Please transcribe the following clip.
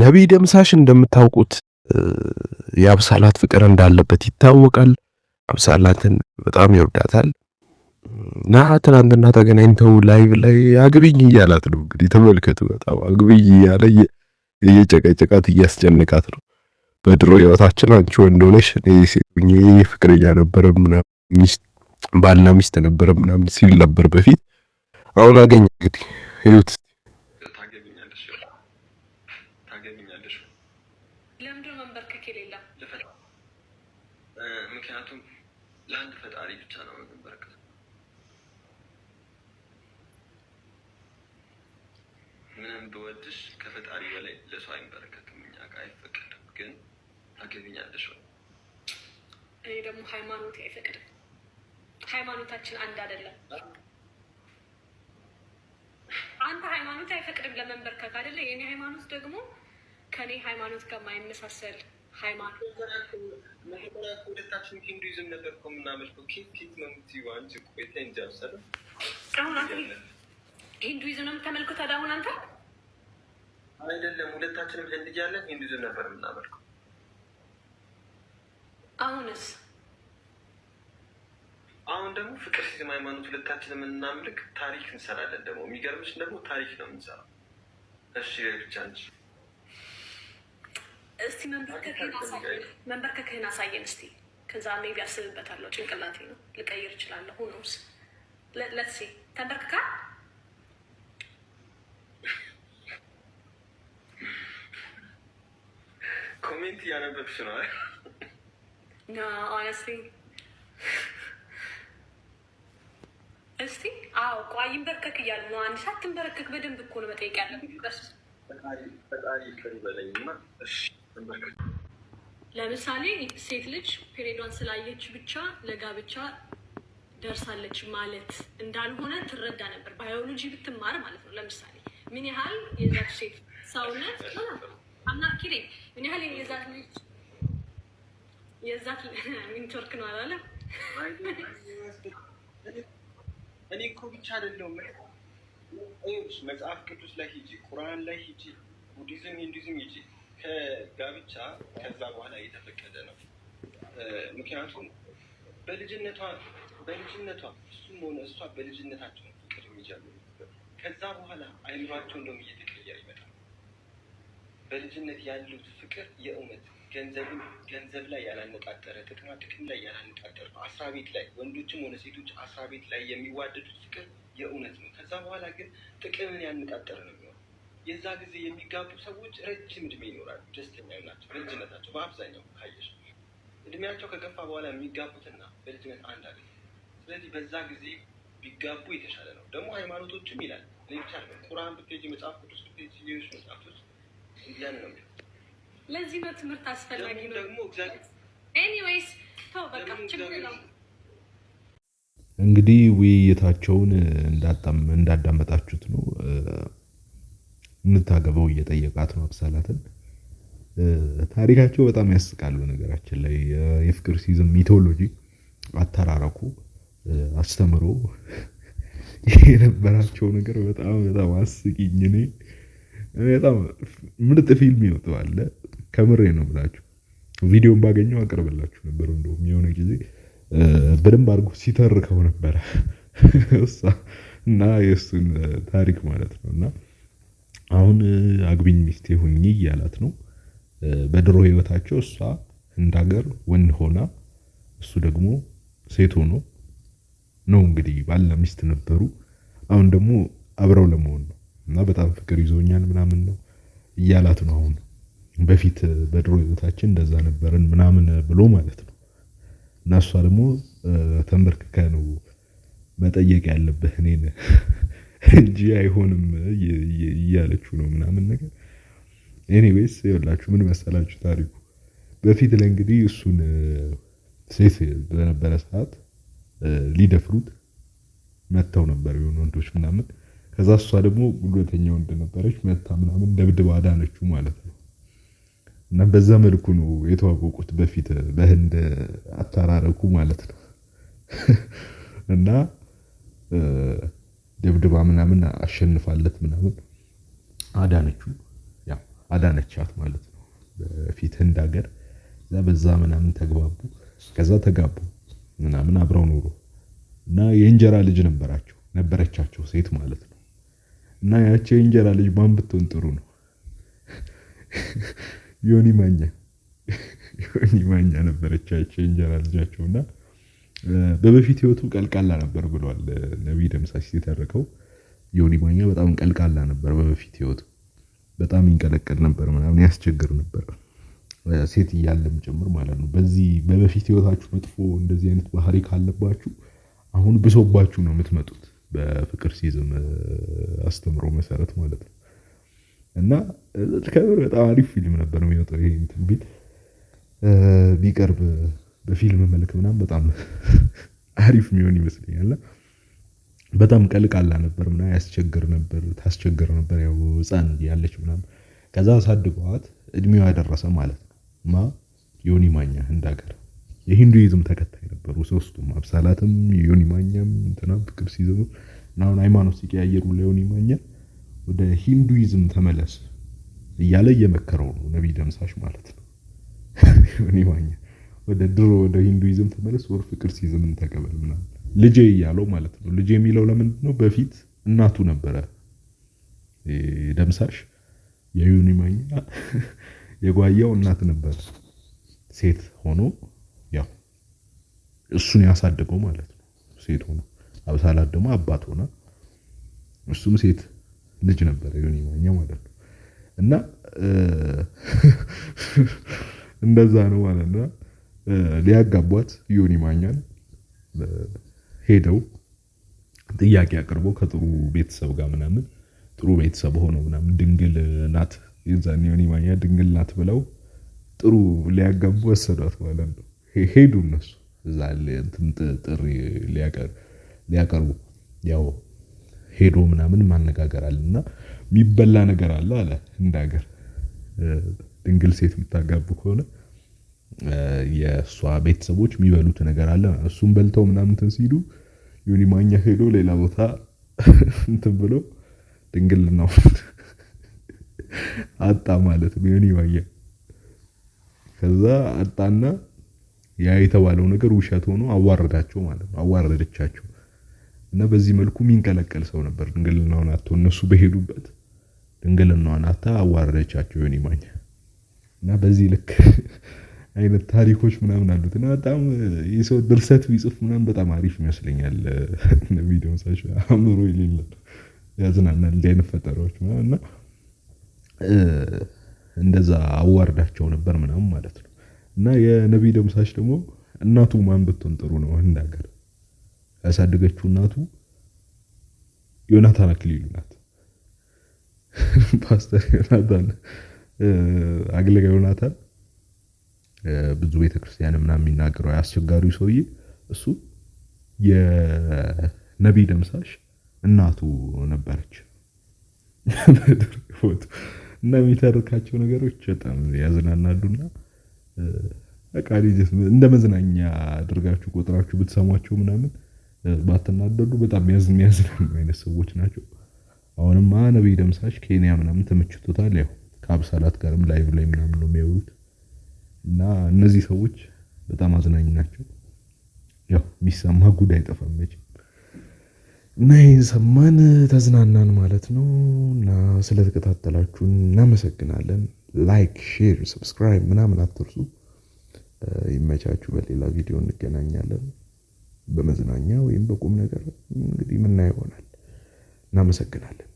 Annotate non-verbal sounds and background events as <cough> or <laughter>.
ነቢይ ደምሳሽ እንደምታውቁት የአብሳላት ፍቅር እንዳለበት ይታወቃል። አብሳላትን በጣም ይወዳታል እና ትናንትና ተገናኝተው ላይቭ ላይ አግብኝ እያላት ነው። እንግዲህ ተመልከቱ። በጣም አግብኝ እያለ እየጨቀጨቃት እያስጨንቃት ነው። በድሮ ህይወታችን አንቺ ወንድ ሆነሽ ፍቅረኛ ነበረ ባልና ሚስት ነበረ ምናምን ሲል ነበር በፊት። አሁን አገኘ እንግዲህ ህይወት ምክንያቱም ለአንድ ፈጣሪ ብቻ ነው የምንበረከተው። ምንም ብወድሽ ከፈጣሪ በላይ ለሰው አይንበረከትም። እኛ ጋር አይፈቅድም። ግን ታገቢኛለሽ ወይ? እኔ ደግሞ ሃይማኖት አይፈቅድም። ሃይማኖታችን አንድ አይደለም። አንተ ሃይማኖት አይፈቅድም ለመንበርከክ አይደለ? የእኔ ሃይማኖት ደግሞ ከእኔ ሃይማኖት ጋር የማይመሳሰል ሁለታችን ሂንዱይዝም ነበር እኮ የምናመልከው። ኬት ነው የምትይው አሁን አንተ አይደለም፣ ሁለታችንም ህንድ እያለን ሂንዱይዝም ነበር የምናመልከው። አሁንስ? አሁን ደግሞ ፍቅር ሲዝም ሃይማኖት ሁለታችን የምናምልክ ታሪክ እንሰራለን። ደግሞ የሚገርምሽ ደግሞ ታሪክ ነው የምንሰራው። እሺ ብቻ እንጂ እስቲ መንበር ከክህን አሳየን እስቲ። ከዛ ሜቢ አስብበታለሁ። ጭንቅላቴ ነው ልቀይር እችላለሁ። ሆኖስ ለትሲ ተንበርክካ ኮሜንት እያነበብሽ ነው። ኦነስቲ <laughs> እስቲ አዎ፣ ቆይ ይንበርከክ እያሉ ነው። አንድ ሳትንበረከክ በደንብ እኮ ነው መጠየቅ እሺ ለምሳሌ ሴት ልጅ ፔሬዷን ስላየች ብቻ ለጋብቻ ደርሳለች ማለት እንዳልሆነ ትረዳ ነበር፣ ባዮሎጂ ብትማር ማለት ነው። ለምሳሌ ምን ያህል የዛች ሴት ሰውነት አምና አምናኪሬ ምን ያህል የዛት ልጅ የዛት ኔትወርክ ነው አላለ። እኔ እኮ ብቻ አይደለሁም። መጽሐፍ ቅዱስ ላይ ሂጂ፣ ቁርአን ላይ ሂጂ፣ ቡዲዝም፣ ሂንዱዝም ሂጂ ከጋብቻ ከዛ በኋላ እየተፈቀደ ነው። ምክንያቱም በልጅነቷ በልጅነቷ እሱም ሆነ እሷ በልጅነታቸው ፍቅር የሚጀምሩ ከዛ በኋላ አይምሯቸው እንደውም እየተቀየረ ይመጣል። በልጅነት ያሉት ፍቅር የእውነት ገንዘብን ገንዘብ ላይ ያላነጣጠረ ጥቅማ ጥቅም ላይ ያላነጣጠረ አስራ ቤት ላይ ወንዶችም ሆነ ሴቶች አስራ ቤት ላይ የሚዋደዱት ፍቅር የእውነት ነው። ከዛ በኋላ ግን ጥቅምን ያነጣጠረ ነው የሚሆነው የዛ ጊዜ የሚጋቡ ሰዎች ረጅም እድሜ ይኖራሉ፣ ደስተኛ ናቸው። በልጅነታቸው በአብዛኛው ካየሽ እድሜያቸው ከገፋ በኋላ የሚጋቡትና በልጅነት አንድ አለ። ስለዚህ በዛ ጊዜ ቢጋቡ የተሻለ ነው። ደግሞ ሃይማኖቶችም ይላል ብቻ ቁርአን ብትሄጂ መጽሐፍ ቅዱስ ብትሄጂ ሌሎች መጽሐፍቶች ያን ነው የሚለው። ለዚህ ነው ትምህርት አስፈላጊ ነው። ደግሞ ኤኒዌይስ ተው በቃ ችግር ነው። እንግዲህ ውይይታቸውን እንዳዳመጣችሁት ነው እንድታገባው እየጠየቃት ነው አብሳላትን። ታሪካቸው በጣም ያስቃል። በነገራችን ላይ የፍቅር ሲዝም ሚቶሎጂ አተራረኩ አስተምሮ የነበራቸው ነገር በጣም በጣም አስቂኝ። እኔ በጣም ምርጥ ፊልም ይወጣዋል። ከምሬ ነው ብላችሁ ቪዲዮን ባገኘው አቀርብላችሁ ነበር። እንደውም የሆነ ጊዜ በደንብ አድርጎ ሲተርከው ነበረ <laughs> እና የእሱን ታሪክ ማለት ነው እና አሁን አግቢኝ ሚስቴ ሁኚ እያላት ነው። በድሮ ህይወታቸው እሷ እንደ ሀገር ወንድ ሆና እሱ ደግሞ ሴት ሆኖ ነው እንግዲህ ባልና ሚስት ነበሩ። አሁን ደግሞ አብረው ለመሆን ነው እና በጣም ፍቅር ይዞኛል ምናምን ነው እያላት ነው። አሁን በፊት በድሮ ህይወታችን እንደዛ ነበርን ምናምን ብሎ ማለት ነው። እና እሷ ደግሞ ተንበርክከ ነው መጠየቅ ያለብህ እኔን እንጂ አይሆንም እያለችው ነው ምናምን ነገር። ኤኒዌይስ ይኸውላችሁ ምን መሰላችሁ ታሪኩ በፊት ላይ እንግዲህ እሱን ሴት በነበረ ሰዓት ሊደፍሩት መጥተው ነበር የሆኑ ወንዶች ምናምን። ከዛ እሷ ደግሞ ጉልበተኛ ወንድ ነበረች መታ ምናምን ደብድባ አዳነችው ማለት ነው። እና በዛ መልኩ ነው የተዋወቁት በፊት በህንድ አተራረኩ ማለት ነው <laughs> እና ድብድባ ምናምን አሸንፋለት ምናምን አዳነችው። አዳነቻት ማለት ነው በፊት ህንድ ሀገር በዛ ምናምን ተግባቡ። ከዛ ተጋቡ ምናምን አብረው ኑሮ እና የእንጀራ ልጅ ነበራቸው ነበረቻቸው ሴት ማለት ነው። እና ያቸው የእንጀራ ልጅ ማን ብትሆን ጥሩ ነው? <laughs> ዮኒ ማኛ ዮኒ ማኛ ነበረቻቸው የእንጀራ ልጃቸው እና በበፊት ህይወቱ ቀልቃላ ነበር ብሏል ነብይ ደምሳሽ ሲተርከው። ዮኒ ማኛ በጣም ቀልቃላ ነበር በበፊት ህይወቱ በጣም ይንቀለቀል ነበር ምናምን ያስቸግር ነበር ሴት እያለም ጭምር ማለት ነው። በዚህ በበፊት ህይወታችሁ መጥፎ እንደዚህ አይነት ባህሪ ካለባችሁ አሁን ብሶባችሁ ነው የምትመጡት በፍቅር ሲዝም አስተምሮ መሰረት ማለት ነው። እና ከብር በጣም አሪፍ ፊልም ነበር የሚወጣው ይሄ ቢቀርብ በፊልም መልክ ምናም በጣም <laughs> አሪፍ የሚሆን ይመስለኛል። በጣም ቀልቃላ ነበር ምና ያስቸግር ነበር ታስቸግር ነበር ያው ህፃን ያለች ምናም ከዛ አሳድገዋት እድሜው ያደረሰ ማለት ነው። ማ ዮኒ ማኛ ህንድ ሀገር የሂንዱይዝም ተከታይ ነበሩ ሶስቱም አብሳላትም ዮኒ ማኛም እንትና ፍቅር ሲዘሙ አሁን ሃይማኖት ሲቀያየሩ ለዮኒ ማኛ ወደ ሂንዱይዝም ተመለስ እያለ እየመከረው ነው ነቢይ ደምሳሽ ማለት ነው <laughs> ዮኒ ማኛ ወደ ድሮ ወደ ሂንዱይዝም ተመለስ፣ ወር ፍቅር ሲዝምን ተቀበል ምናምን ልጄ እያለው ማለት ነው። ልጄ የሚለው ለምንድን ነው? በፊት እናቱ ነበረ ደምሳሽ የዩኒ ማኛ የጓያው እናት ነበር፣ ሴት ሆኖ ያው እሱን ያሳደገው ማለት ነው። ሴት ሆኖ አብሳላት ደግሞ አባት ሆና እሱም ሴት ልጅ ነበረ ዩኒ ማኛ ማለት ነው። እና <laughs> እንደዛ ነው ማለት ነው። ሊያጋቧት ዮኒ ማኛን ሄደው ጥያቄ አቅርቦ ከጥሩ ቤተሰብ ጋር ምናምን ጥሩ ቤተሰብ ሆኖ ምናምን ድንግል ናት የዛን ዮኒ ማኛ ድንግል ናት ብለው ጥሩ ሊያጋቡ ወሰዷት ማለት ነው። ሄዱ እነሱ እዛ ጥሪ ሊያቀርቡ ያው ሄዶ ምናምን ማነጋገር አለ እና የሚበላ ነገር አለ አለ እንደ ሀገር ድንግል ሴት የምታጋቡ ከሆነ የእሷ ቤተሰቦች የሚበሉት ነገር አለ እሱም በልተው ምናምንትን ሲሉ ዮኒ ማኛ ሄዶ ሌላ ቦታ <laughs> እንትን ብሎ ድንግልናው <laughs> አጣ ማለት ነው። ዮኒ ማኛ ከዛ አጣና ያ የተባለው ነገር ውሸት ሆኖ አዋረዳቸው ማለት ነው። አዋረደቻቸው እና በዚህ መልኩ የሚንቀለቀል ሰው ነበር። ድንግልናውን አቶ እነሱ በሄዱበት ድንግልናውን አታ አዋረደቻቸው ዮኒ ማኛ እና በዚህ ልክ <laughs> አይነት ታሪኮች ምናምን አሉት እና በጣም የሰው ድርሰት ቢጽፍ ምናምን በጣም አሪፍ ይመስለኛል። ቪዲዮን ሳሽ አእምሮ የሌለ ያዝናናል እንዲህ አይነት ፈጠራዎች ምናምን እና እንደዛ አዋርዳቸው ነበር ምናምን ማለት ነው። እና የነብይ ደምሳሽ ደግሞ እናቱ ማን ብትሆን ጥሩ ነው ህንድ ሀገር ያሳደገችው እናቱ ዮናታን አክሊሉ ናት። ፓስተር ዮናታን አግለጋ ዮናታን ብዙ ቤተክርስቲያን ምናምን የሚናገረው አስቸጋሪ ሰውዬ እሱ የነቢይ ደምሳሽ እናቱ ነበረች። እና የሚተርካቸው ነገሮች በጣም ያዝናናሉና በቃ እንደ መዝናኛ አድርጋችሁ ቆጥራችሁ ብትሰሟቸው ምናምን ባትናደዱ በጣም የሚያዝናኑ አይነት ሰዎች ናቸው። አሁንም ነቢይ ደምሳሽ ኬንያ ምናምን ተመችቶታል። ያው ከአብሳላት ጋርም ላይቭ ላይ ምናምን ነው የሚያውሉት። እና እነዚህ ሰዎች በጣም አዝናኝ ናቸው። ያው ቢሰማ ጉድ አይጠፋም መቼም እና ይህን ሰማን ተዝናናን ማለት ነው። እና ስለተከታተላችሁን እናመሰግናለን። ላይክ፣ ሼር፣ ሰብስክራይብ ምናምን አትርሱ። ይመቻችሁ። በሌላ ቪዲዮ እንገናኛለን። በመዝናኛ ወይም በቁም ነገር እንግዲህ ምና ይሆናል። እናመሰግናለን።